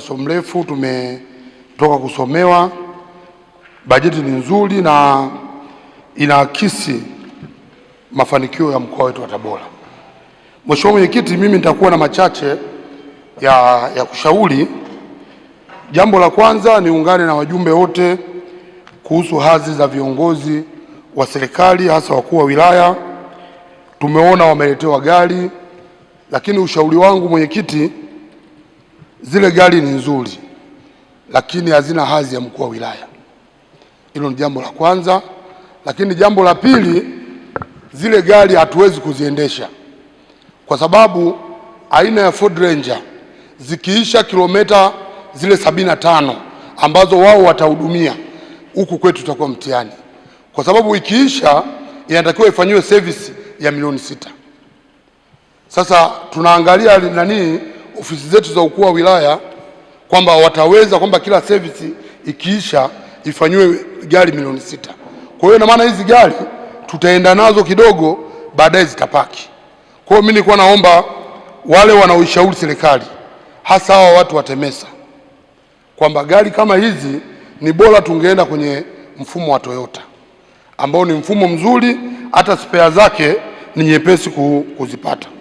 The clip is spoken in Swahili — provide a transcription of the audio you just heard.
So mrefu tumetoka kusomewa, bajeti ni nzuri na inaakisi mafanikio ya mkoa wetu wa Tabora. Mheshimiwa Mwenyekiti, mimi nitakuwa na machache ya, ya kushauri. Jambo la kwanza niungane na wajumbe wote kuhusu hadhi za viongozi wa serikali hasa wakuu wa wilaya. Tumeona wameletewa gari, lakini ushauri wangu mwenyekiti Zile gari ni nzuri, lakini hazina hadhi ya mkuu wa wilaya. Hilo ni jambo la kwanza, lakini jambo la pili, zile gari hatuwezi kuziendesha kwa sababu aina ya Ford Ranger zikiisha kilomita zile sabini na tano ambazo wao watahudumia huku kwetu tutakuwa mtihani, kwa sababu ikiisha inatakiwa ifanyiwe service ya milioni sita. Sasa tunaangalia nani ofisi zetu za ukuu wa wilaya kwamba wataweza kwamba kila service ikiisha ifanyiwe gari milioni sita. Kwa hiyo na maana hizi gari tutaenda nazo kidogo, baadaye zitapaki. Kwa hiyo mimi nilikuwa naomba wale wanaoishauri serikali, hasa hawa watu wa TEMESA, kwamba gari kama hizi ni bora tungeenda kwenye mfumo wa Toyota ambao ni mfumo mzuri, hata spare zake ni nyepesi kuzipata.